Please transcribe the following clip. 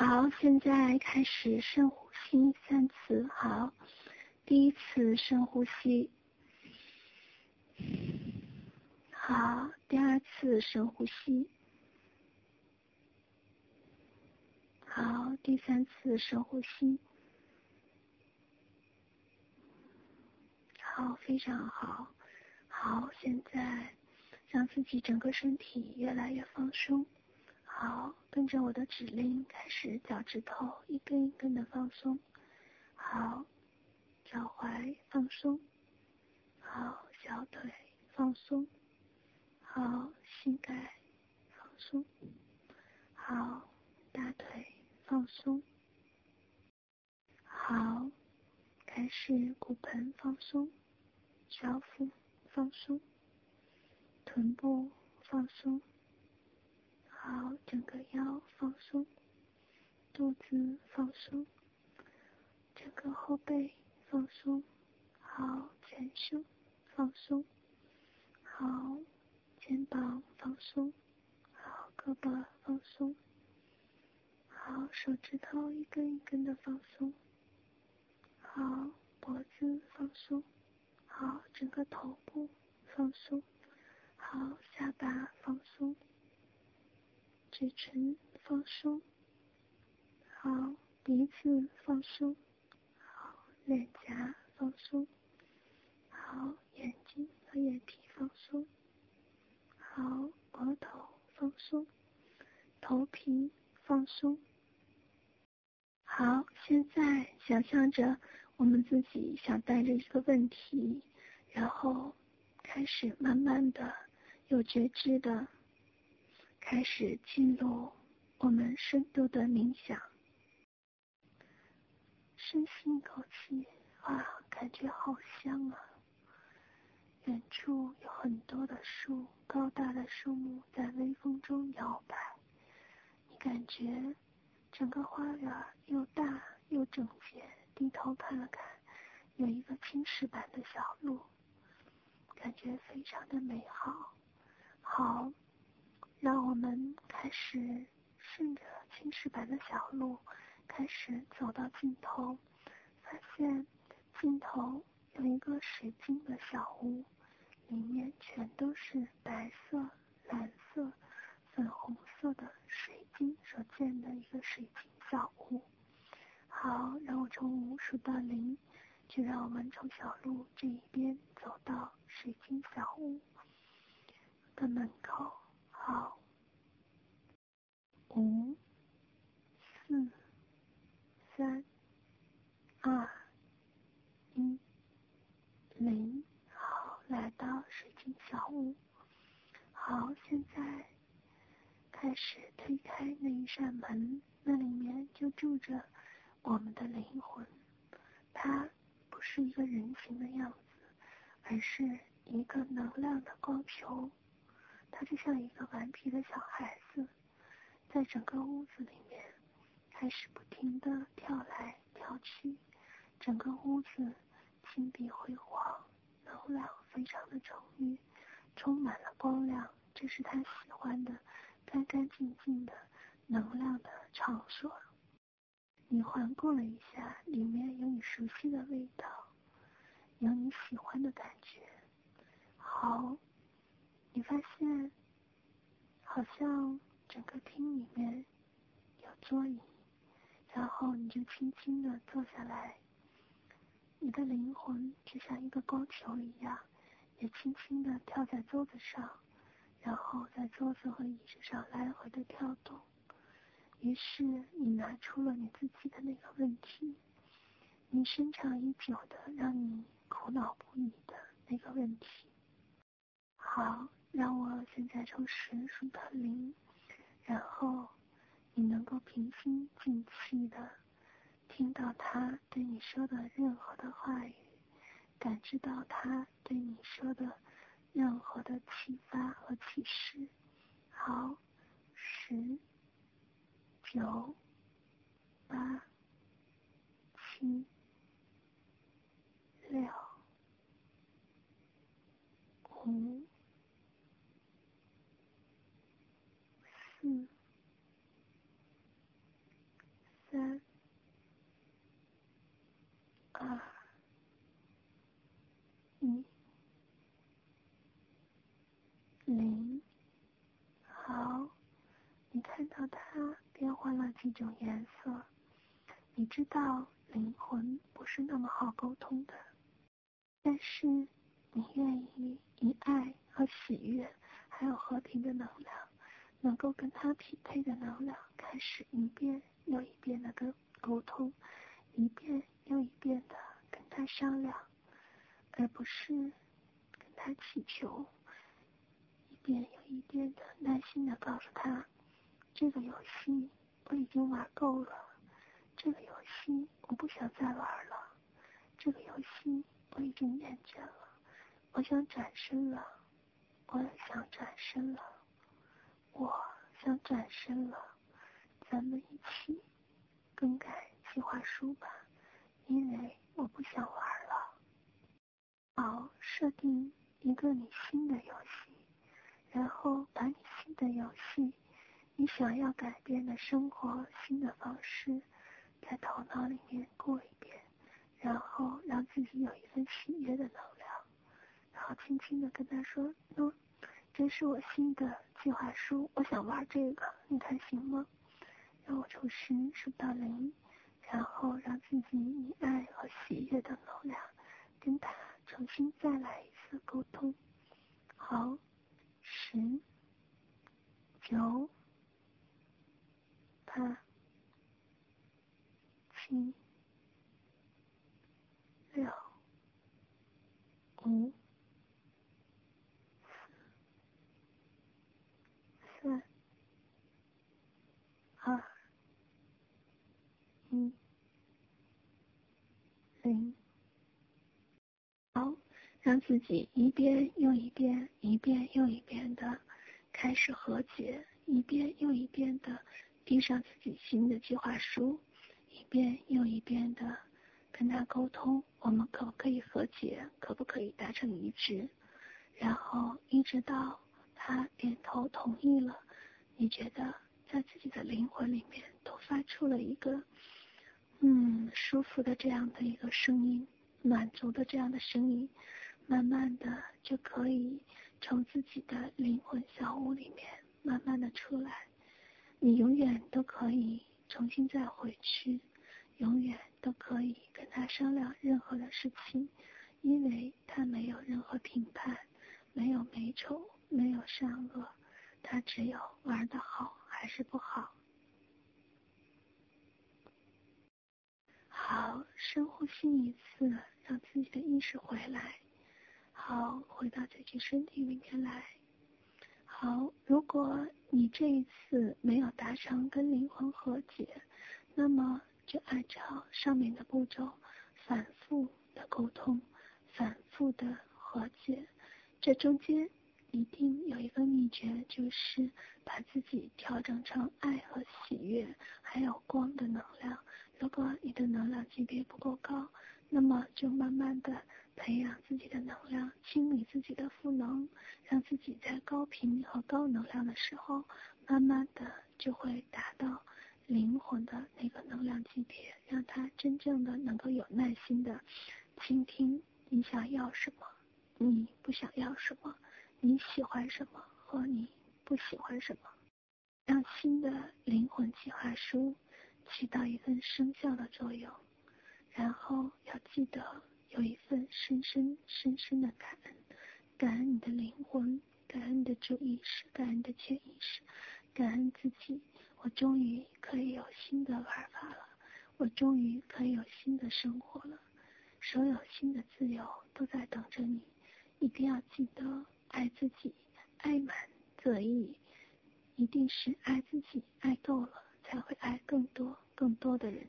好，現在開始深呼吸三次。好，第一次深呼吸。好，第二次深呼吸。好，第三次深呼吸。好，非常好。好，現在讓自己整個身體越來越放鬆。好，跟着我的指令開始，腳趾頭一根一根的放鬆。好，腳踝放鬆。好，小腿放鬆。好，膝蓋放鬆。好，大腿放鬆。好，開始骨盆放鬆，小腹放鬆，臀部放鬆。好，整個腰放鬆，肚子放鬆，整個後背放鬆，好，前胸放鬆，好，肩膀放鬆，好，胳膊放鬆，好，手指頭一根一根的放鬆，好，脖子放鬆，好，整個頭部放鬆，好，下巴放鬆。嘴唇放鬆，好，鼻子放鬆，好，臉頰放鬆，好，眼睛和眼皮放鬆，好，額頭放鬆，頭皮放鬆，好。現在想象着我們自己想帶着一個問題，然後開始慢慢的，有覺知的。開始記錄我們深度的冥想。深吸一口氣，啊，感覺好香啊！遠處有很多的樹，高大的樹木在微風中搖擺。你感覺整個花園又大又整潔。低頭看了看，有一個青石板的小路，感覺非常的美好。好。讓我們開始順着青石板的小路，開始走到盡頭，發現盡頭有一個水晶的小屋，裡面全都是白色、藍色、粉紅色的水晶所建的一個水晶小屋。好，讓我從五數到零，就讓我們從小路這一邊。五、四、三、二、一，零，好，來到水晶小屋。好，現在開始推開那一扇門，那裡面就住着我們的靈魂。它不是一個人形的樣子，而是一個能量的光球。它就像一個頑皮的小孩子。在整個屋子裡面，開始不停的跳來跳去，整個屋子金碧輝煌，能量非常的充裕，充滿了光亮，這是他喜歡的，乾乾淨淨的能量的場所。你環顧了一下，裡面有你熟悉的味道，有你喜歡的感覺。好，你發現，好像。整個廳裡面有桌椅，然後你就輕輕的坐下來。你的靈魂就像一個光球一樣，也輕輕的跳在桌子上，然後在桌子和椅子上來回的跳動。於是你拿出了你自己的那個問題，你深藏已久的讓你苦惱不已的那個問題。好，讓我現在從十數到零。然後，你能夠平心靜氣的聽到他對你說的任何的話語，感知到他對你說的任何的啟發和啟示。好，十、九、八、七，二，一，零，好，你看到它變換了幾種顏色，你知道靈魂不是那麼好溝通的，但是你願意以愛和喜悅還有和平的能量，能夠跟他匹配的能量，開始一遍又一遍的跟溝通，一遍，又一遍的跟他商量，而不是跟他祈求。一遍又一遍的耐心的告訴他：“這個遊戲我已經玩夠了，這個遊戲我不想再玩了，這個遊戲我已經厭倦了，我想轉身了，我想轉身了，我想轉身了，咱們一起更改計劃書吧。”因為我不想玩了。好，設定一個你新的遊戲，然後把你新的遊戲，你想要改變的生活新的方式，在頭腦裡面過一遍，然後讓自己有一份喜悅的能量，然後輕輕地跟他說：“喲、嗯、這是我新的計劃書，我想玩這個，你看行嗎？”讓我重新數到零。然後讓自己以愛和喜悅的能量，跟他重新再來一次溝通。好，十、九、八、七、六、五。讓自己一遍又一遍、一遍又一遍的開始和解，一遍又一遍的遞上自己新的計劃書，一遍又一遍的跟他溝通，我們可不可以和解？可不可以達成一致？然後一直到他點頭同意了，你覺得在自己的靈魂裡面都發出了一個嗯，舒服的這樣的一個聲音，滿足的這樣的聲音。慢慢的就可以從自己的靈魂小屋裡面慢慢的出來，你永遠都可以重新再回去，永遠都可以跟他商量任何的事情，因為他沒有任何評判，沒有美醜，沒有善惡，他只有玩得好還是不好。好，深呼吸一次，讓自己的意識回來。好，回到自己身體裡面來。好，如果你這一次沒有達成跟靈魂和解，那麼就按照上面的步驟，反覆的溝通，反覆的和解。這中間一定有一個秘訣，就是把自己調整成愛和喜悅，還有光的能量。如果你的能量級別不夠高，那麼就慢慢的。培養自己的能量，清理自己的負能，讓自己在高頻和高能量的時候，慢慢的就會達到靈魂的那個能量級別，讓他真正的能夠有耐心的傾聽你想要什麼，你不想要什麼，你喜歡什麼和你不喜歡什麼，讓新的靈魂計劃書起到一份生效的作用，然後要記得。有一份深深、深深的感恩，感恩你的靈魂，感恩你的主意識，感恩你的潛意識，感恩自己。我終於可以有新的玩法了，我終於可以有新的生活了，所有新的自由都在等着你。一定要記得愛自己，愛滿則溢，一定是愛自己愛夠了，才會愛更多更多的人。